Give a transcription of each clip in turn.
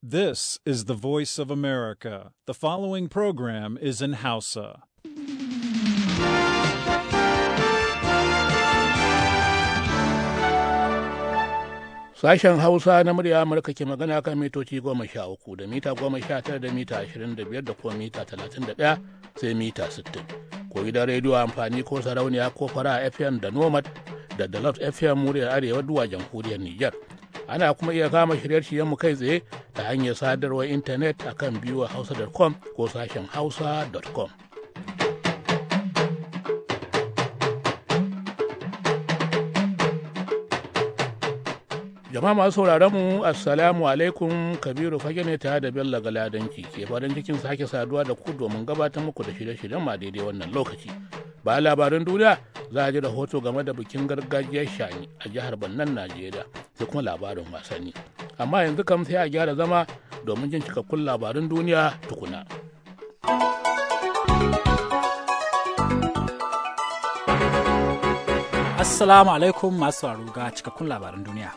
This is the voice of America. The following program is in Hausa. Sashen Hausa na murya Amurka ke magana kan mitoci goma sha uku da mita goma sha tara da mita ashirin da biyar da kuma mita talatin da ɗaya sai mita sittin. Ko gidan rediyo amfani ko sarauniya ko fara FM da Nomad da Dalot FM muryar Arewa duwa jamhuriyar Nijar. ana kuma iya kama shirye-shiryenmu kai tsaye ta hanyar sadarwar intanet a kan hausa.com ko sashen hausa.com. jama'a masu sauraron mu assalamu alaikum kabiru fage ne tare da bello galadanki ke farin cikin sake saduwa da ku domin gabatar muku da shirye-shiryen ma daidai wannan lokaci ba labarin duniya za a ji rahoto game da bikin gargajiyar shani a jihar bannan najeriya sai kuma labarin wasanni amma yanzu kam sai a gyara zama domin jin cikakkun labarin duniya tukuna assalamu alaikum masu ga cikakkun labarin duniya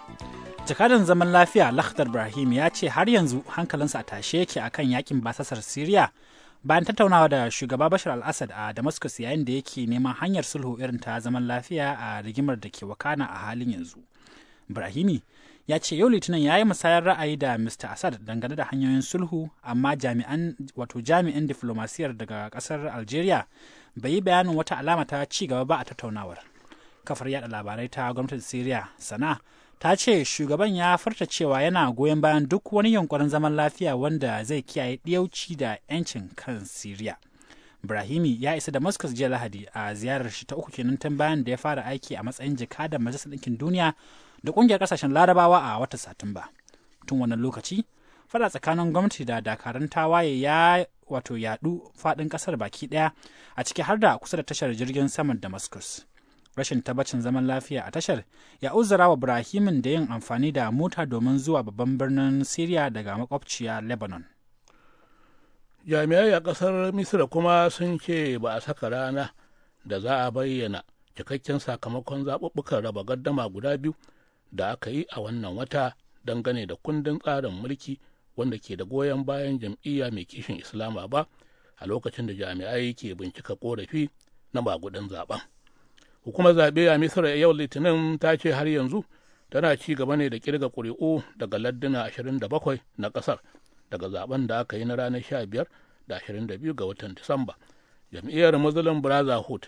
jakadan zaman lafiya lakhdar ibrahim ya ce har yanzu hankalinsa a tashe yake akan yakin basasar syria bayan tattaunawa da shugaba bashar al-assad a damascus yayin da yake neman hanyar sulhu irin ta zaman lafiya a rigimar da ke wakana a halin yanzu Ibrahimi ya ce yau litinin ya yi musayar ra'ayi da Mr. Assad dangane da hanyoyin sulhu amma jami'an wato jami'in diflomasiyar daga kasar Algeria bai yi bayanin wata alama ta ci gaba ba a tattaunawar. Kafar yada labarai ta gwamnatin Syria sana ta ce shugaban ya furta cewa yana goyon bayan duk wani yunkurin zaman lafiya wanda zai kiyaye diyauci da 'yancin kan Syria. ibrahimi ya isa da Damascus jiya Lahadi a ziyarar shi ta uku kenan tun bayan da ya fara aiki a matsayin jakadan Majalisar Ɗinkin Duniya da ƙungiyar ƙasashen larabawa a watan satumba tun wannan lokaci fada tsakanin gwamnati da dakarun tawaye ya wato yaɗu faɗin ƙasar baki ɗaya a ciki har da kusa da tashar jirgin saman damascus rashin tabbacin zaman lafiya a tashar ya uzura wa Ibrahimin da yin amfani da mota domin zuwa babban birnin syria daga makwabciya Lebanon. Jami'ai a ƙasar Misira kuma sun ce ba a saka rana da za a bayyana cikakken sakamakon zaɓuɓɓukan raba gaddama guda biyu da aka yi a wannan wata dangane da kundin tsarin mulki wanda ke da goyon bayan jam'iyya mai kishin islama ba a lokacin da jami'ai ke bincika korafi na magudan zaben hukumar zaɓe a misira yau litinin ta ce har yanzu tana ci gaba ne da kirga ƙuri'u daga larduna 27 na ƙasar daga zaben da aka yi na ranar 15 da 22 ga watan disamba jam'iyyar muslim brotherhood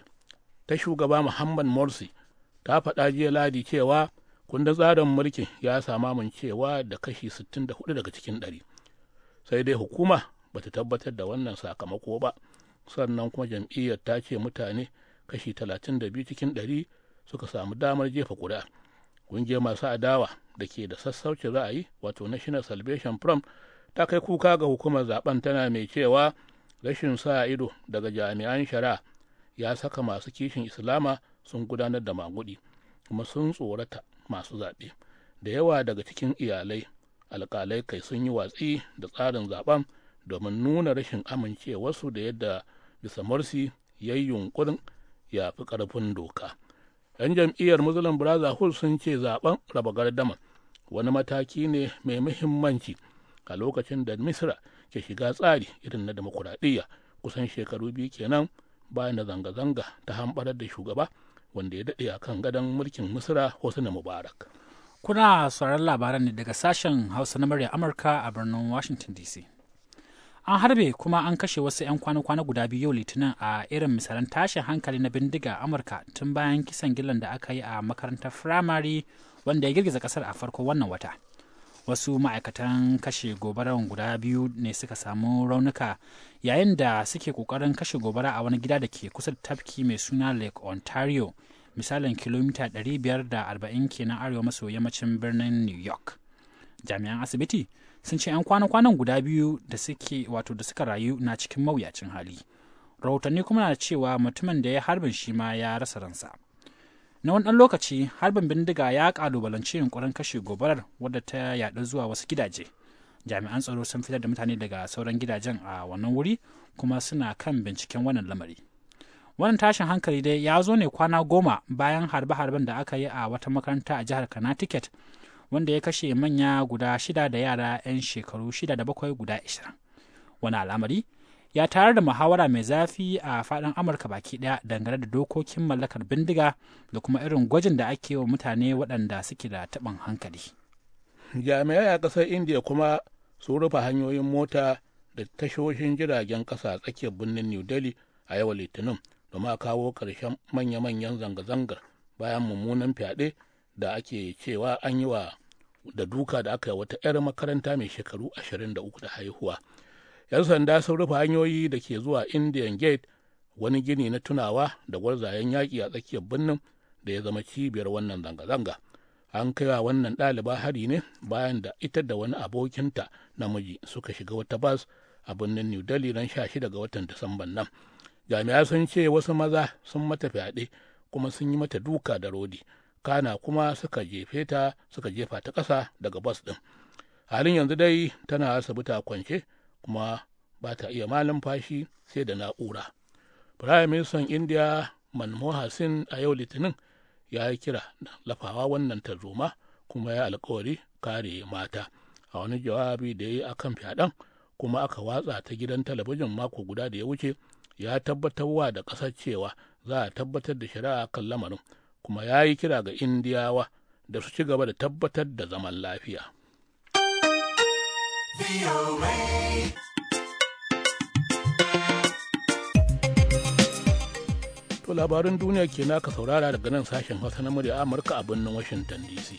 ta shugaba muhammad morsi ta faɗa jiya ladi cewa kunda tsarin mulkin ya samu amincewa da kashi 64 daga cikin ɗari sai dai hukuma ba ta tabbatar da wannan sakamako ba sannan kuma jam'iyyar ta ce mutane kashi 32 cikin ɗari suka samu damar jefa ƙuri'a ƙungiyar masu adawa da ke da a yi wato national salvation from ta kai kuka ga hukumar zaben tana mai cewa rashin sa ido daga jami'an shari'a ya saka masu kishin islama sun gudanar da maguɗi kuma sun tsorata masu zaɓe da yawa daga cikin iyalai alƙalai kai sun yi watsi da tsarin zaɓen domin nuna rashin amincewarsu da yadda bisa morsi ya yi yunkurin ya fi ƙarfin doka yan jam'iyyar muslim brotherhood sun ce zaɓen raba gardama wani mataki ne mai muhimmanci a lokacin da misra ke shiga tsari irin na demokuraɗiyya kusan shekaru biyu kenan bayan da zanga-zanga ta hamɓarar da shugaba wanda ya daɗe a kan gadon mulkin misira hosni mubarak kuna sauran labaran ne daga sashen hausa na murya amurka a birnin washington dc an harbe kuma an kashe wasu 'yan kwana-kwana guda biyu yau litinin a irin misalan tashin hankali na bindiga amurka tun bayan kisan gillan da aka yi a makarantar firamare wanda ya girgiza kasar a farko wannan wata wasu ma'aikatan kashe gobara guda biyu ne suka samu raunuka yayin da suke kokarin kashe gobara a wani gida da ke kusa da tafki mai suna lake ontario misalin kilomita 540 kenan arewa maso yammacin birnin new york jami'an asibiti sun ce 'yan kwana-kwanan guda biyu da suke wato da suka rayu na cikin mawuyacin hali rahotanni kuma na cewa mutumin da ya harbin shi ma ya rasa ransa na wani ɗan lokaci harbin bindiga ya ƙalubalanci yunkurin kashe gobarar wadda ta yaɗu zuwa wasu gidaje jami'an tsaro sun fitar da mutane daga sauran gidajen a wannan wuri kuma suna kan binciken wannan lamari wannan tashin hankali dai ya zo ne kwana goma bayan harbe-harben da aka yi a wata makaranta a jihar connecticut wanda ya kashe manya guda shida da yara 'yan shekaru shida da bakwai guda ishirin wani al'amari ya tayar da muhawara mai zafi a faɗin amurka baki ɗaya dangane da dokokin mallakar bindiga da kuma irin gwajin da ake wa mutane waɗanda suke da taɓin hankali jami'ai a ƙasar india kuma su rufe hanyoyin mota da tashoshin jiragen ƙasa tsakiyar birnin new delhi a yau litinin domin a kawo ƙarshen manya-manyan zanga-zangar bayan mummunan fyaɗe da ake cewa an yi wa da duka da aka yi wata 'yar makaranta mai shekaru ashirin da uku da haihuwa 'yan sanda sun rufe hanyoyi da ke zuwa indian gate wani gini na tunawa da gwarzayen yaƙi a tsakiyar birnin da ya zama cibiyar wannan zanga-zanga an kai wa wannan ɗaliba hari ne bayan da ita da wani abokinta namiji suka shiga wata bas a birnin new delhi ran shida ga watan disamban nan jami'a sun ce wasu maza sun mata fyaɗe kuma sun yi mata duka da rodi kana kuma suka jefe ta suka jefa ta ƙasa daga bas ɗin halin yanzu dai tana asibita kwance kuma ba ta iya malin fashi sai da na'ura firayim indiya manmohan singh a yau litinin ya yi kira lafawa wannan tarzoma kuma ya alkawari kare mata a wani jawabi da ya yi a kan fyaɗen kuma aka watsa ta gidan talabijin mako guda da ya wuce ya tabbatarwa da ƙasar cewa za a tabbatar da shari'a kan lamarin kuma ya yi kira ga indiyawa da su ci gaba da tabbatar da zaman lafiya To labarin duniya ke naka saurara daga nan sashen Hausa na murya Amurka a birnin Washington DC.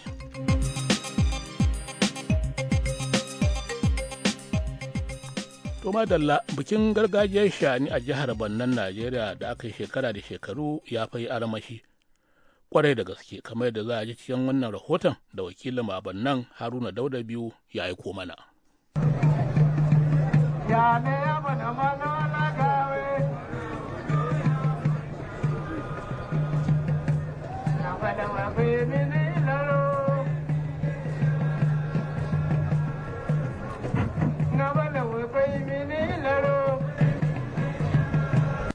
toma Dalla, bikin gargajiyar shani a jihar Bannan Najeriya da aka yi shekara da shekaru ya fai armashi. Kwarai da gaske kamar da za a ji cikin wannan rahoton da wakilin Bannan Haruna Dauda biyu ya aiko mana. I Thank you.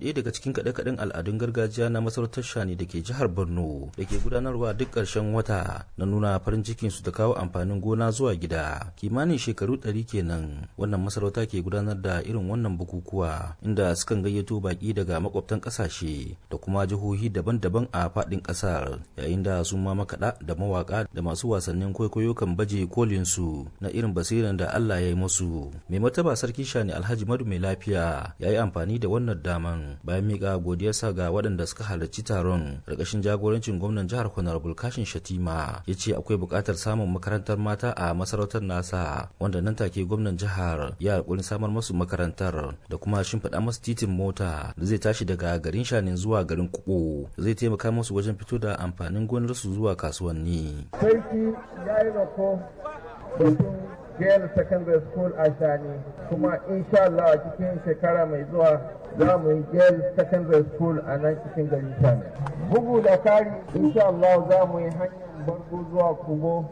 ɗaya daga cikin kaɗe-kaɗen al'adun gargajiya na masarautar shani da ke jihar borno da ke gudanarwa duk ƙarshen wata na nuna farin cikin su da kawo amfanin gona zuwa gida kimanin shekaru ɗari kenan wannan masarauta ke gudanar da irin wannan bukukuwa inda sukan gayyato baƙi daga makwabtan ƙasashe da kuma jihohi daban-daban a faɗin ƙasar yayin da su ma makaɗa da mawaƙa da masu wasannin kwaikwayo kan baje kolin su na irin basiran da Allah ya yi musu mai mataba sarki shani alhaji madu mai lafiya ya yi amfani da wannan daman bayan mika godiyarsa ga waɗanda suka halarci taron ƙarƙashin jagorancin gwamnan jihar honorable kashin shatima ya ce akwai buƙatar samun makarantar mata a masarautar nasa wanda nan take gwamnan jihar ya alƙulin samar masu makarantar da kuma shimfiɗa masu titin mota da zai tashi daga garin shanin zuwa garin kuɓo zai taimaka masu wajen fito da amfanin gonarsu zuwa kasuwanni. Sarki ya yi rako Gayar Secondary School a Shani kuma insha Allah cikin shekara mai zuwa za mu yi girl secondary school a nan cikin gari sami bugu da kari insha Allah za mu yi hanyar bargo zuwa kugo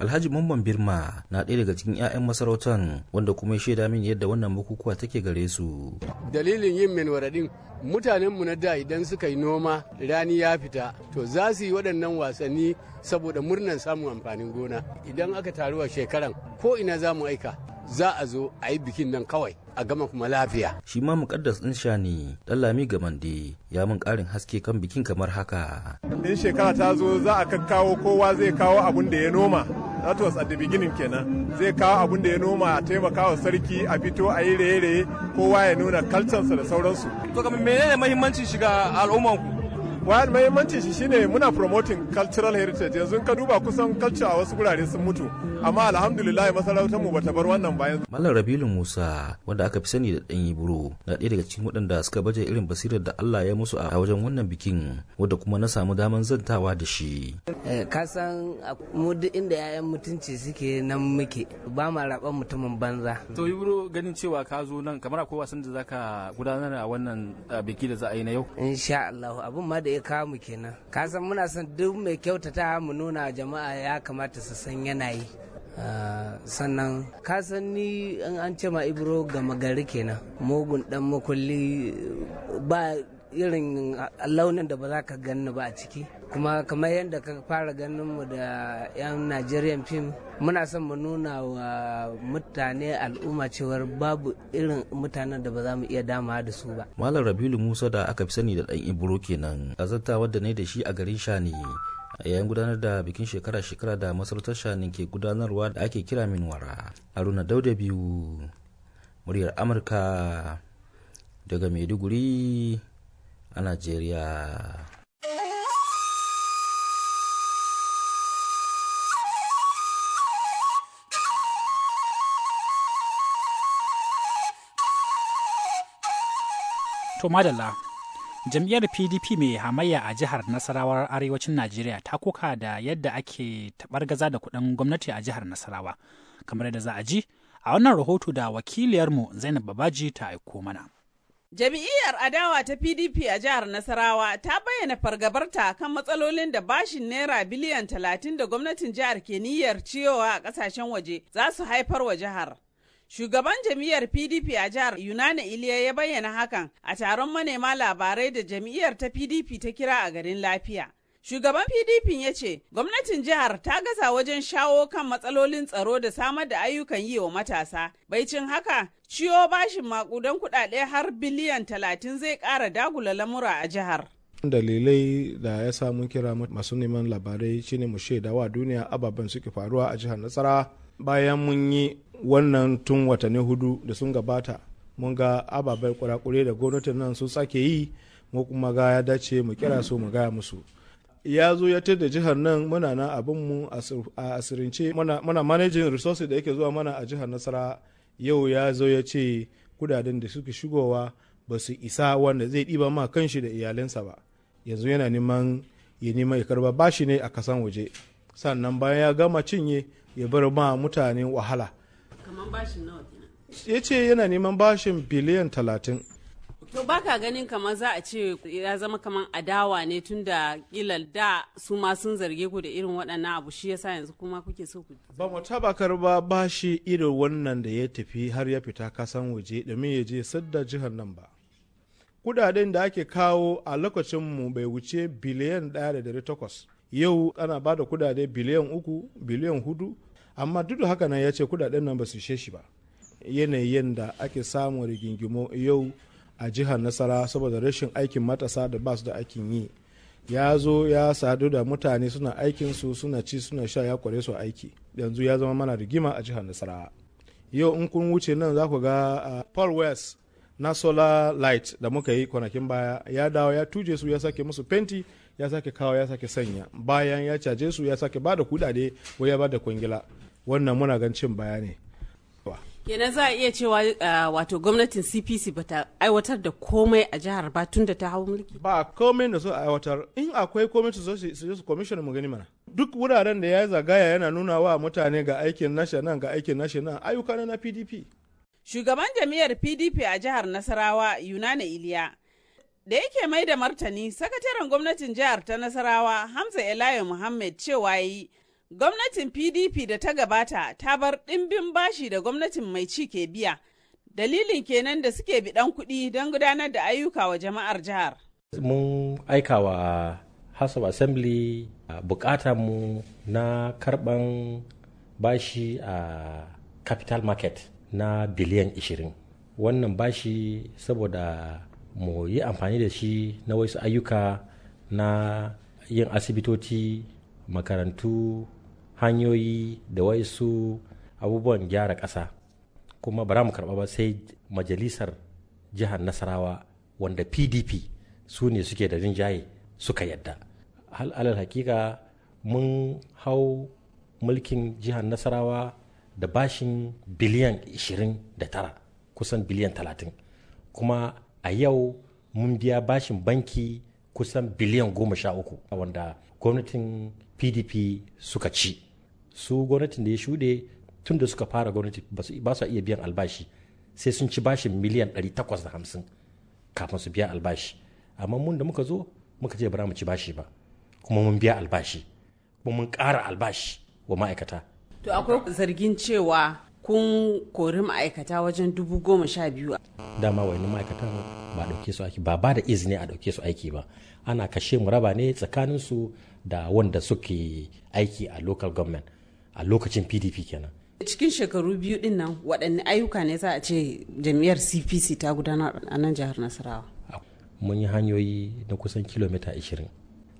Alhaji Mamman Birma na ɗaya daga cikin 'ya'yan masarautar wanda kuma ya shaida min yadda wannan bukukuwa take gare su. Dalilin yin mutanen mutanenmu na da idan suka yi noma rani ya fita to za su yi waɗannan wasanni saboda murnar samun amfanin gona. Idan aka taru a shekaran ko ina za mu aika za a zo a yi bikin nan kawai a gama kuma lafiya. Shi ma mukaddas ɗin shani ɗallami ga mande ya mun ƙarin haske kan bikin kamar haka. In shekara ta zo za a kakkawo kowa zai kawo abun da ya noma. That was at the beginning kenan. Zai kawo abun da ya noma a taimaka wa sarki a fito a yi raye-raye kowa ya nuna kalcansa da sauransu. To kamar menene mahimmancin shiga al'ummanku? wayar mahimmanci shi shine muna promoting cultural heritage yanzu ka duba kusan culture a wasu gurare sun mutu amma alhamdulillah masarautar mu bata bar wannan bayan Mallam Rabilu Musa wanda aka fi sani da dan Ibro na ɗaya daga cikin waɗanda suka baje irin basirar da Allah ya musu a wajen wannan bikin wanda kuma na samu daman zantawa da shi eh, ka san mu duk inda yayan mutunci suke nan muke ba ma raban mutumin banza to Ibro ganin cewa ka zo nan kamar akwai wasan da zaka gudanar a wannan biki da za a yi na yau insha Allah abun ma da da ya kamu kenan kasan muna son duk mai kyautata mu nuna jama'a ya kamata su san yanayi ah, sannan kasan ni an ce ma ibro gama gari kenan mugun dan makulli ba irin launin da ba za ka ganni ba a ciki kuma kamar yadda ka fara ganin mu da 'yan nigerian film muna son mu nuna wa mutane al'umma cewar babu irin mutanen da ba za mu iya dama da su ba malam rabilu musa da aka fi sani da dan ibro kenan azarta wadda ne da shi a garin shani a yayin gudanar da bikin shekara-shekara da masarautar shani ke gudanarwa da ake kira minwara haruna dauda biyu muryar amurka daga maiduguri a najeriya To madalla, jam'iyyar PDP mai hamayya a jihar Nasarawar Arewacin Najeriya ta koka da yadda ake gaza da kuɗin gwamnati a jihar Nasarawa, kamar yadda za a ji a wannan rahoto da wakiliyarmu Zainab Babaji ta aiko mana. Jami'iyyar adawa ta PDP a jihar Nasarawa ta bayyana fargabarta kan matsalolin da bashin naira biliyan talatin da gwamnatin jihar ke niyyar ciyowa a kasashen waje za su haifar wa jihar. Shugaban jami'ar PDP a jihar Yunana Iliya ya bayyana hakan a taron manema labarai da jami'iyyar ta PDP ta kira a garin lafiya. Shugaban PDP ya ce, gwamnatin jihar ta gasa wajen shawo kan matsalolin tsaro da samar da ayyukan yi wa matasa. bai cin haka, ciwo bashin makudan kudade har biliyan talatin zai kara dagula lamura a jihar. dalilai da ya sa kira masu neman labarai shine mu shaida wa duniya ababen suke faruwa a jihar nasara bayan mun yi wannan tun watanni hudu da sun gabata mun ga ababen kurakure da gwamnatin nan sun sake yi mu kuma ga ya dace mu kira su mu gaya musu ya zo ya da jihar nan muna nan abinmu a asirince muna managing resources da yake zuwa mana a jihar nasara yau ya zo ya ce kudaden da suke shigowa ba su isa wanda zai ɗiba ma kan shi da iyalinsa ba yanzu yana neman ya nema ya karba bashi ne a kasan waje sannan bayan ya gama cinye ya bar ma mutane wahala ya ce yana neman bashin biliyan talatin To baka ganin kamar za a ce ya zama kamar adawa ne tun da kila da su ma sun zarge ku da irin waɗannan abu shi yasa yanzu kuma kuke so ku. Ba mu taba karba ba shi irin wannan da ya tafi har ya fita kasan waje domin ya je sadda jihar nan ba. Kudaden da ake kawo a lokacin mu bai wuce biliyan ɗaya da dari takwas. Yau ana ba da kudade biliyan uku, biliyan hudu, amma duk haka nan ya ce kudaden nan ba su ishe shi ba. Yanayin da ake samun rigingimo yau a jihar nasara saboda rashin aikin matasa da ba su da aikin yi ya zo ya sadu da mutane suna aikin su suna ci suna sha ya kware su aiki yanzu ya zama mana rigima a jihar nasara yau in kun wuce nan za ku ga paul west na solar light da muka yi kwanakin baya ya dawo ya tuje su ya sake musu fenti ya sake kawo ya sake sanya bayan ya caje su ya sake ba da kudade ko ya ba da kwangila wannan muna gan cin baya ne kenan za a iya cewa ah, wato gwamnatin cpc ba ta aiwatar da komai a jihar ba tun da ta hau mulki ba komai da su aiwatar in akwai komai su zai su su commission mu gani mana duk wuraren da ya yi zagaya yana nuna wa mutane ga aikin nashi nan ga aikin nashi nan ayyuka na pdp shugaban jami'ar pdp a jihar nasarawa yunana iliya da yake mai da martani sakataren gwamnatin jihar ta nasarawa hamza elayo muhammad cewa yi Gwamnatin PDP da ta gabata ta bar ɗimbin bashi da gwamnatin mai ci ke biya. Dalilin kenan da suke biɗan kuɗi don gudanar da ayyuka wa jama'ar jihar. Mun aika wa House of Assembly mu na karɓan bashi a capital market na biliyan 20. Wannan bashi saboda mu yi amfani da shi na wasu ayyuka na yin asibitoci makarantu hanyoyi da wasu abubuwan gyara ƙasa kuma bara mu karɓa ba sai majalisar jihar nasarawa wanda pdp su ne suke da rinjaye suka yadda hal alal hakika mun hau mulkin jihar nasarawa da bashin biliyan 29 kusan biliyan 30 kuma a yau mun biya bashin banki kusan biliyan 13 wanda gwamnatin pdp suka ci su gwamnatin da ya shuɗe tun da suka fara gwamnati ba su iya biyan albashi sai sun ci bashin miliyan 850 kafin su biya albashi amma mun da muka zo muka ce ba mu ci bashi ba kuma mun biya albashi kuma mun kara albashi wa ma'aikata to akwai zargin cewa kun kori ma'aikata wajen dubu goma sha biyu dama wani ma'aikata ba dauke su aiki ba ba da izini a dauke su aiki ba ana kashe mu raba ne tsakaninsu da wanda suke aiki a local government a lokacin pdp kenan cikin shekaru biyu din nan waɗanne ayyuka ne za a ce jam'iyyar cpc ta gudanar a nan jihar nasarawa mun yi hanyoyi na kusan kilomita 20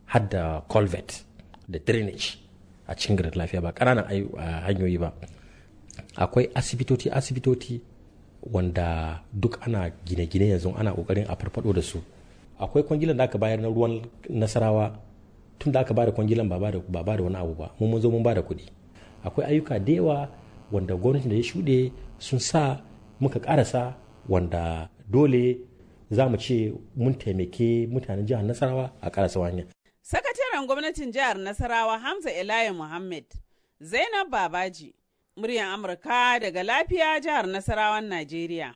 har da culvert da drainage a cikin garin lafiya ba ƙananan hanyoyi ba akwai asibitoti-asibitoti wanda duk ana gine-gine yanzu ana ƙoƙarin a farfado da su akwai kwangilan da aka bayar na ruwan nasarawa tun da aka bada kwangilan ba ba da wani abu ba mun zo mun bada kuɗi akwai ayyuka da yawa wanda gwamnati da ya shuɗe sun sa muka karasa wanda dole za mu ce mun taimake mutanen jihar nasarawa a karasa hanya. sakataren gwamnatin jihar nasarawa hamza elayi muhammad zainab babaji muryar amurka daga lafiya jihar nasarawan najeriya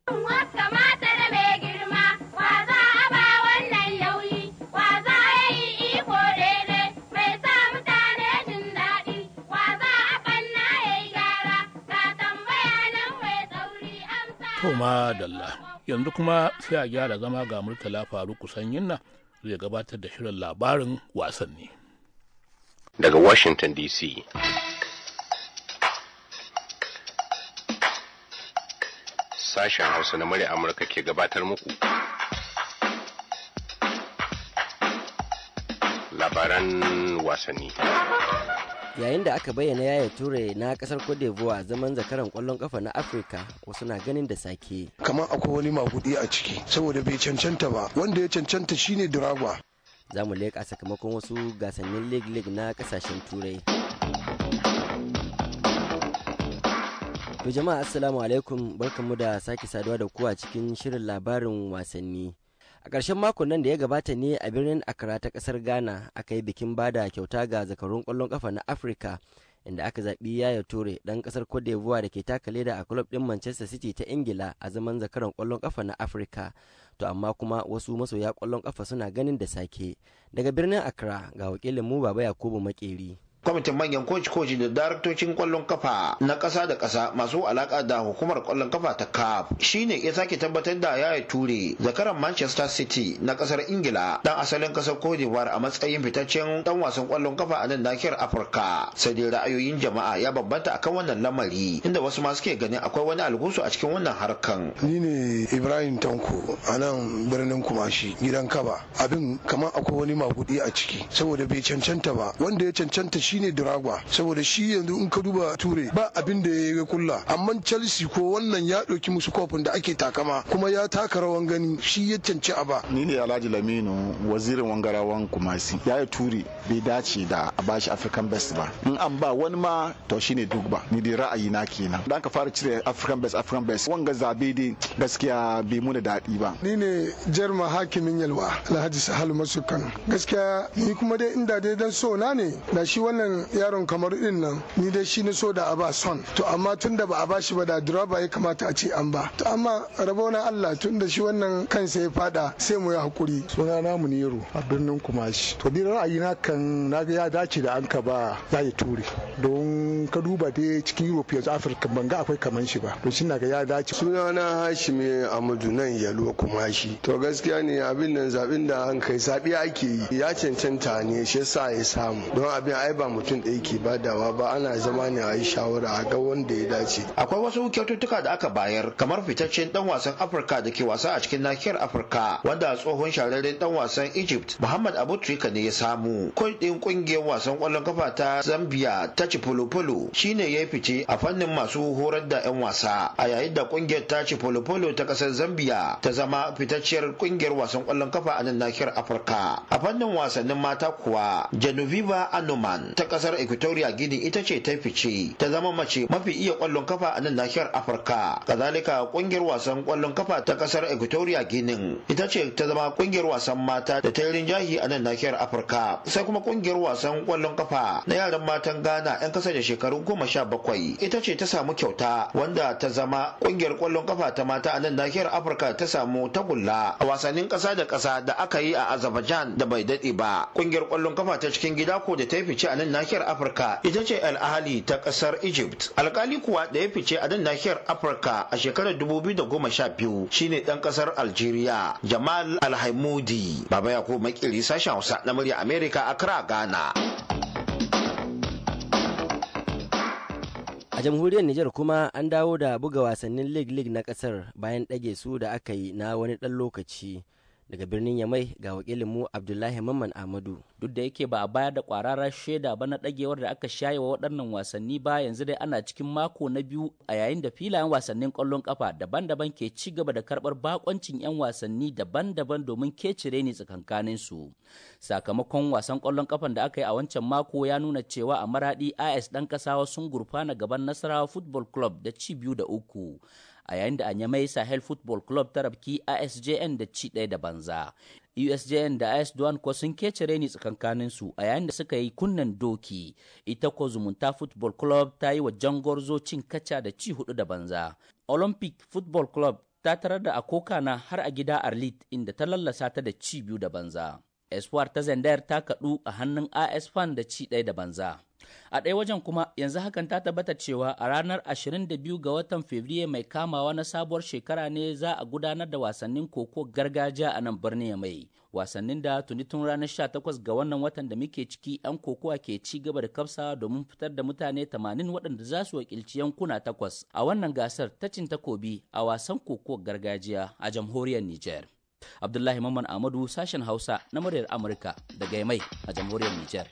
To madalla yanzu kuma sai a gyara zama ga Murtala faru-kusan yinna zai gabatar da shirin labarin wasanni. Daga Washington DC. Sashen Hausa na murya Amurka ke gabatar muku. Labaran wasanni. yayin da aka bayyana yaya ture na kasar cote d'ivoire zaman zakaran kwallon kafa na afirka wasu na ganin da sake kamar akwai wani magudi a ciki saboda bai cancanta ba wanda ya cancanta shine dragwa za mu leƙa sakamakon wasu gasannin league league na kasashen turai to jama'a assalamu alaikum barkanmu da sake saduwa da kuwa cikin shirin labarin wasanni a ƙarshen makon nan da ya gabata ne a birnin accra ta ƙasar ghana aka yi bikin bada kyauta ga zakarun ƙwallon ƙafa na afirka inda aka zaɓi yaya ture ɗan ƙasar cote d'ivoire da ke taka leda a club ɗin manchester city ta ingila a zaman zakaran ƙwallon ƙafa na afirka to amma kuma wasu masoya ƙwallon ƙafa suna ganin da sake daga birnin accra ga wakilin mu baba yakubu makeri kwamitin manyan koci-koci da daraktocin kwallon kafa na ƙasa da ƙasa masu alaƙa da hukumar kwallon kafa ta CAF shine ya sake tabbatar da yaya ture zakaran Manchester City na ƙasar Ingila dan asalin ƙasar Cote d'Ivoire a matsayin fitaccen dan wasan kwallon kafa a nan nahiyar Afirka sai dai ra'ayoyin jama'a ya bambanta akan wannan lamari inda wasu ma suke ganin akwai wani algusu a cikin wannan harkan ni ne Ibrahim Tanko a nan birnin Kumashi gidan Kaba abin kamar akwai wani magudi a ciki saboda bai cancanta ba wanda ya cancanta shi shine dragwa saboda shi yanzu in ka duba Ture ba abin da ya kulla amma Chelsea ko wannan ya ɗauki musu kofin da ake takama kuma ya taka rawan gani shi ya canci a ba ni ne Alhaji Laminu wazirin wangarawan Kumasi ya yi Ture bai dace da a bashi African Best ba in an ba wani ma to shine Drogba ni dai ra'ayi na kenan dan ka fara cire African Best African Best wanga zabe dai gaskiya bai muna daɗi ba ni ne Jerma Hakimin Yalwa Alhaji Sahal Masukan gaskiya ni kuma dai inda dai dan so na ne da shi wannan wannan yaron kamar din nan ni dai shi so da a ba son to amma tunda ba a ba shi ba da direba ya kamata a ce an ba to amma rabo na Allah tunda da shi wannan kansa ya fada sai mu yi hakuri suna na muniru a birnin kumashi to ni ra'ayi na kan na ya dace da an ka ba ya yi ture don ka duba dai cikin Europe yanzu Afirka ban ga akwai kaman shi ba to shi na ga ya dace suna na Hashimi Amadu nan yalo kumashi to gaskiya ne abin nan zabin da an kai sabi ake yi ya cancanta ne shi yasa ya samu don abin ai ba mutum ɗaya ke badawa ba ana zama ne a yi shawara a ga wanda ya dace akwai wasu kyaututtuka da aka bayar kamar fitaccen dan wasan afirka da ke wasa a cikin nahiyar afirka wanda tsohon shahararren dan wasan egypt muhammad abu trika ne ya samu kwai ƙungiyar wasan ƙwallon kafa ta zambia ta ci polopolo shine ya fice a fannin masu horar da 'yan wasa a yayin da ƙungiyar ta ci polopolo ta ƙasar zambia ta zama fitacciyar ƙungiyar wasan ƙwallon kafa a nan nahiyar afirka a fannin wasannin mata kuwa genoveva anoman ta kasar equatoria gini ita ce ta fice ta zama mace mafi iya kwallon kafa a nan nahiyar afirka kazalika kungiyar wasan kwallon kafa ta kasar equatoria ginin ita ce ta zama kungiyar wasan mata da ta yi a nan nahiyar afirka sai kuma kungiyar wasan kwallon kafa na yaran matan ghana yan kasa da shekaru goma sha bakwai ita ce ta samu kyauta wanda ta zama kungiyar kwallon kafa ta mata a nan nahiyar afirka ta samu tagulla a wasannin kasa da kasa da aka yi a azerbaijan da bai dade ba kungiyar kwallon kafa ta cikin gida ko da ta yi fice a adan nahiyar Afirka ita ce Al ta ƙasar Egypt. Alkali kuwa da ya fice a nan nahiyar Afirka a shekarar 2012 shine ɗan ƙasar Algeria Jamal Alhaimudi. Baba ya Yakubu Makiri sashen Hausa na murya America kara Ghana. A jamhuriyar Nijar kuma an dawo da buga wasannin League League na ƙasar bayan ɗage su da aka yi na wani ɗan lokaci. daga birnin yamai ga wakilin abdullahi mamman ahmadu duk da yake ba a bayar da kwararar shaida ba na dagewar da aka shaye wa waɗannan wasanni ba yanzu dai ana cikin mako na biyu a yayin da filayen wasannin kwallon kafa daban-daban ke ci gaba da karbar bakoncin 'yan wasanni daban-daban domin kecire ni tsakankanin su sakamakon wasan ƙwallon kafan da aka yi a wancan mako ya nuna cewa a maraɗi is ɗan kasawa sun gurfana gaban nasarawa football club da ci biyu da uku a yayin da mai sahel football club ta rabki asjn da ci ɗaya da banza usjn da as duan ko sun kece reni tsakankanin su a yayin da suka yi kunnen doki ita ko zumunta football club ta yi wa gorzo cin kaca da ci hudu da banza olympic football club ta tarar da akoka na har a gida arlit inda ta lallasa ta da ci biyu da banza espoir ta zandar ta kaɗu a hannun as fan da ci ɗaya da banza a ɗaya wajen kuma yanzu hakan ta tabbata cewa a ranar 22 ga watan Fabrairu mai kamawa na sabuwar shekara ne za a gudanar da wasannin koko gargajiya a nan birnin mai wasannin da tuni tun ranar 18 ga wannan watan da muke ciki an kokowa ke ci gaba da kafsa domin fitar da mutane 80 waɗanda za su wakilci yankuna takwas a wannan gasar ta cin takobi a wasan koko gargajiya a jamhuriyar Nijar. abdullahi mamman amadu sashen hausa na muryar amurka daga mai a jamhuriyar Nijar.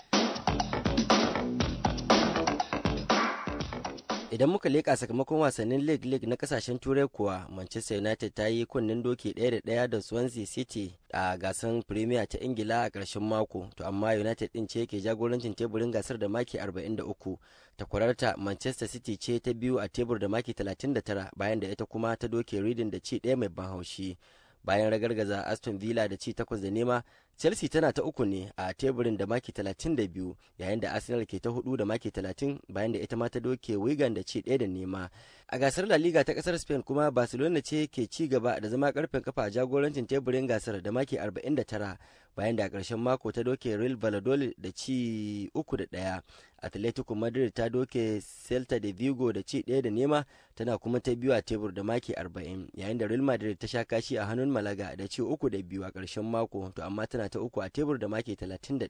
idan muka leƙa sakamakon wasannin league league na kasashen turai kuwa manchester united ta yi kunnen doki ɗaya da ɗaya da swansea city a gasar premier ta ingila a ƙarshen mako to amma united din ce ke jagorancin teburin gasar da maki 43 takwararta manchester city ce ta biyu a tebur da maki 39 bayan da ita kuma ta doke reading da ci ɗaya mai ban haushi bayan ragargaza aston villa da ci takwas da nema chelsea tana ta uku ne a teburin da maki talatin da biyu, yayin da arsenal ke ta hudu da maki talatin, bayan da ita ma ta doke wigan da ci ɗaya da nema a gasar la liga ta kasar spain kuma barcelona ce ke ci gaba da zama karfen kafa a jagorancin teburin gasar da maki arba'in da tara. bayan da a ƙarshen mako ta doke real valladolid da ci uku da ɗaya atletico madrid ta doke celta de vigo da ci ɗaya da nema tana kuma ta biyu a tebur da maki 40, yayin da real madrid ta sha kashi a hannun malaga da ci uku da biyu a ƙarshen mako to amma tana ta uku a tebur da maki talatin da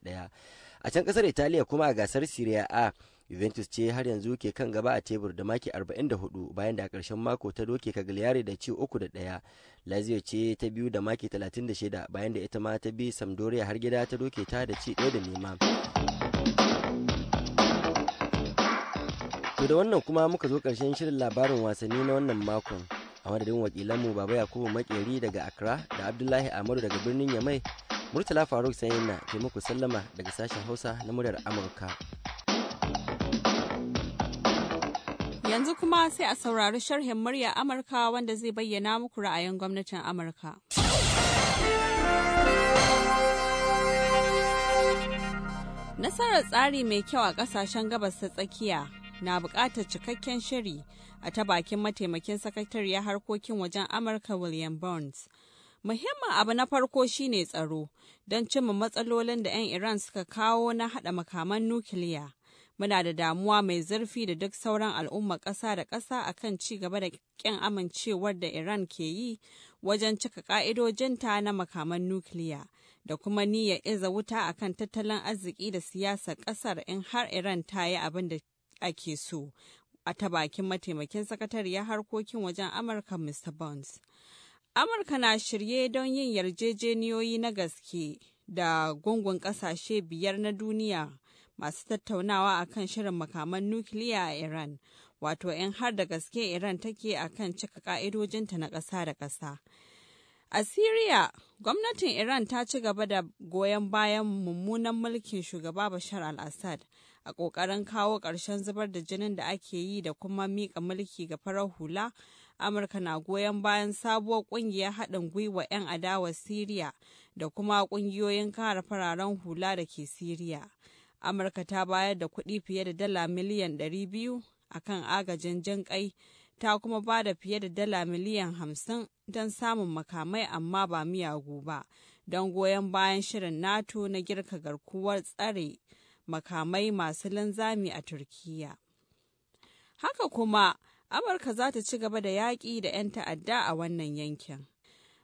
a can ƙasar italiya kuma a gasar serie a Juventus ce har yanzu ke kan gaba a tebur da maki 44 bayan da karshen ƙarshen mako ta doke Cagliari da ci uku da ɗaya. Lazio ce ta biyu da maki 36 bayan da ita ma ta bi Sampdoria har gida ta doke ta da ci ɗaya da nema. To da wannan kuma muka zo karshen shirin labarin wasanni na wannan makon. A madadin wakilanmu Baba Yakubu Makeri daga Accra da Abdullahi Ahmadu daga birnin Yamai, Murtala Faruk Sayinna ke muku sallama daga sashen Hausa na muryar Amurka. Yanzu kuma sai a saurari sharhin murya Amurka wanda zai bayyana muku ra'ayin gwamnatin Amurka. Nasarar tsari mai kyau a kasashen gabas ta tsakiya na bukatar cikakken shiri a ta bakin mataimakin sakatariyar harkokin wajen Amurka William Burns. Muhimmin abu na farko shine tsaro don cimma matsalolin da 'yan Iran suka kawo na haɗa makaman nukiliya. Muna da damuwa mai zurfi da duk sauran al'umma ƙasa da ƙasa akan ci gaba da ƙin amincewar da Iran ke yi wajen cika ƙa'idojinta na makaman nukiliya da kuma niyyar iza wuta a kan tattalin arziki da siyasar ƙasar in har Iran ta yi abin da ake so. A ta bakin mataimakin sakatariyar harkokin wajen Amurka Mr. Burns. Amurka na shirye don yin yarjejeniyoyi na gaske da gungun ƙasashe biyar na duniya masu tattaunawa a kan shirin makaman nukiliya a Iran, wato in har da gaske Iran take a kan cika ka'idojinta na ƙasa da ƙasa. A Siriya, gwamnatin Iran ta ci gaba da goyon bayan mummunan mulkin shugaba Bashar al-Assad a ƙoƙarin kawo ƙarshen zubar da jinin da ake yi da kuma miƙa mulki ga farar hula. Amurka na goyon bayan sabuwar ƙungiyar haɗin gwiwa 'yan adawa Siriya da kuma ƙungiyoyin kare fararen hula da ke Siriya. amurka ta bayar da kuɗi fiye da dala miliyan 200 a kan agajin jin ƙai ta kuma ba da fiye da dala miliyan 50 don samun makamai amma ba miyagu ba don goyon bayan shirin nato na girka garkuwar tsare makamai masu linzami a Turkiyya. haka kuma amurka za ta ci gaba da yaƙi da 'yan ta'adda a wannan yankin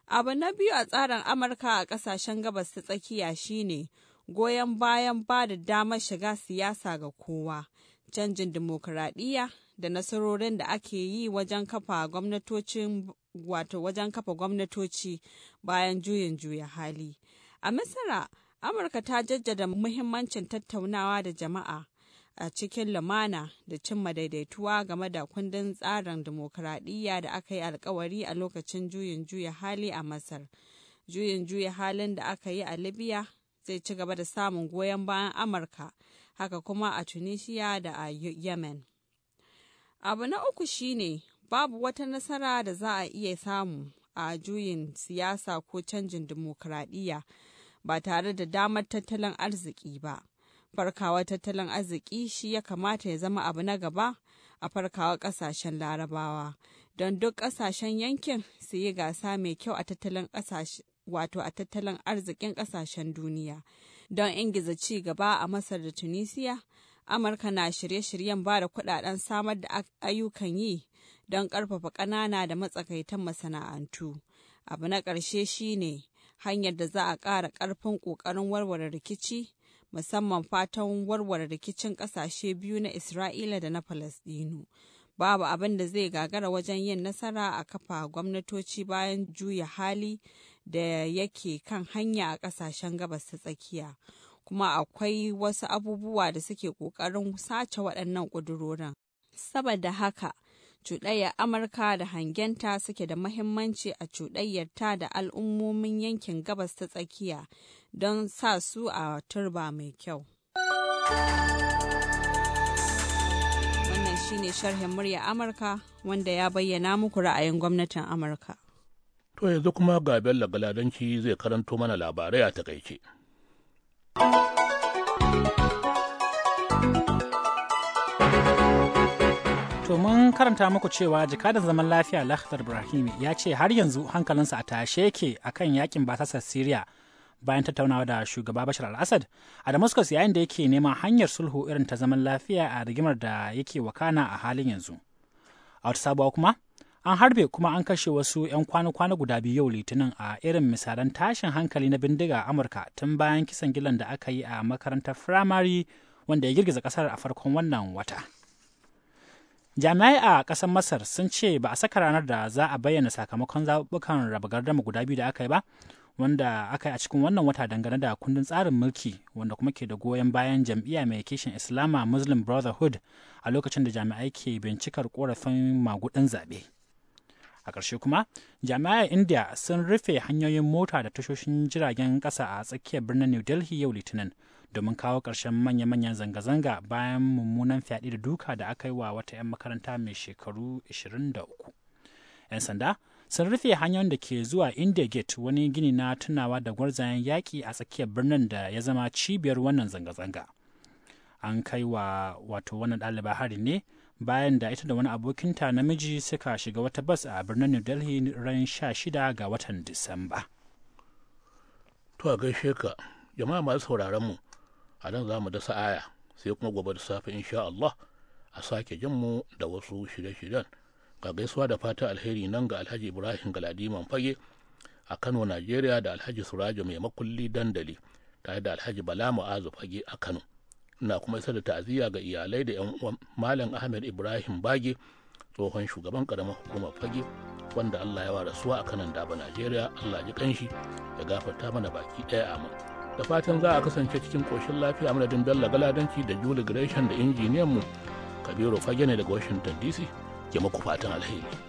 abu na biyu a tsarin amurka a ƙasashen gabas ta tsakiya shine goyon bayan ba da damar shiga siyasa ga kowa, canjin dimokuraɗiyya da nasarorin da ake yi wajen kafa gwamnatocin wato wajen kafa gwamnatoci bayan juyin juya hali. A Misira, Amurka ta jaddada muhimmancin tattaunawa da jama'a a cikin lumana da cimma daidaituwa game da kundin tsarin dimokuraɗiyya da aka yi alkawari a lokacin juyin juya hali a Masar. Juyin juya halin da aka yi a Libya zai ci gaba da samun goyon bayan amurka haka kuma a tunisia da a yemen abu na uku shine babu wata nasara da za a iya samu a juyin siyasa ko canjin dimokuraɗiyya ba tare da damar tattalin arziki ba farkawa tattalin arziki shi ya kamata ya zama abu na gaba a farkawa ƙasashen larabawa don duk ƙasashen yankin su yi gasa mai kyau a tattalin wato a tattalin arzikin kasashen duniya don ingiza ci gaba a Masar da Tunisia. Amurka na shirye-shiryen ba da kudaden samar da ayyukan yi don ƙarfafa ƙanana da matsakaitan masana'antu. Abu na ƙarshe shine hanyar da za a ƙara ƙarfin ƙoƙarin warware rikici, musamman fatan warware rikicin ƙasashe biyu na Isra'ila da na Falasɗinu. Babu abin da zai gagara wajen yin nasara a kafa gwamnatoci bayan juya hali da yake kan hanya a ƙasashen gabas ta tsakiya kuma akwai wasu abubuwa da suke ƙoƙarin sace waɗannan ƙudurorin saboda haka cuɗayyar amurka da hangenta suke da mahimmanci a cuɗayyar ta da al'ummomin yankin gabas ta tsakiya don sa su a turba mai kyau wannan shine sharhin murya amurka wanda ya bayyana muku ra'ayin gwamnatin amurka To yanzu kuma ga Bello Galadanci zai karanto mana labarai a takaice. To mun karanta muku cewa jikadan zaman lafiya Lakhdar Ibrahim ya ce har yanzu hankalinsa a tashe yake akan yakin basasar Syria bayan tattaunawa da shugaba Bashar al-Assad a Damascus yayin da yake neman hanyar sulhu irin ta zaman lafiya a rigimar da yake wakana a halin yanzu. A wata sabuwa kuma, an harbe kuma an kashe wasu 'yan kwana-kwana guda biyu yau litinin a irin misalan tashin hankali na bindiga a amurka tun bayan kisan gilan da aka yi a makarantar firamare wanda ya girgiza kasar a farkon wannan wata jami'ai a kasar masar sun ce ba a saka ranar da za a bayyana sakamakon zaɓuɓɓukan raba gardama guda biyu da aka yi ba wanda aka yi a cikin wannan wata dangane da kundin tsarin mulki wanda kuma ke da goyon bayan jam'iyya mai kishin islama muslim brotherhood a lokacin da jami'ai ke bincikar korafin magudin zaɓe a ƙarshe kuma jami'ai india sun rufe hanyoyin mota da tashoshin jiragen ƙasa a tsakiyar birnin new delhi yau litinin domin kawo ƙarshen manya-manyan zanga-zanga bayan mummunan fyaɗe da duka da aka yi wa wata 'yan makaranta mai shekaru 23 'yan sanda sun rufe hanyoyin da ke zuwa india gate wani gini na tunawa da gwarzayen yaƙi a tsakiyar birnin da ya zama cibiyar wannan zanga-zanga an kai wa wato wannan ɗaliba hari ne bayan da ita da wani abokinta namiji suka shiga wata bas a birnin new delhi ran 16 ga watan disamba to a gaishe ka jama'a masu sauraron mu a nan za mu dasa aya sai kuma gobe da safe insha Allah a sake jin mu da wasu shirye-shiryen ga gaisuwa da fata alheri nan ga Alhaji Ibrahim Galadiman Fage a Kano Najeriya da Alhaji Surajo mai makulli dandali tare da Alhaji Bala Mu'azu Fage a Kano na kuma isar da ta'aziyya ga iyalai da 'yan uwan malam ahmed ibrahim bage tsohon shugaban karamar hukumar fage wanda allah ya wa rasuwa a kanan daba najeriya allah ji kanshi ya gafarta mana baki daya amin da fatan za a kasance cikin koshin lafiya madadin bello galadanci da julie gresham da injiniyan mu kabiru fage ne daga washington dc ke muku fatan alheri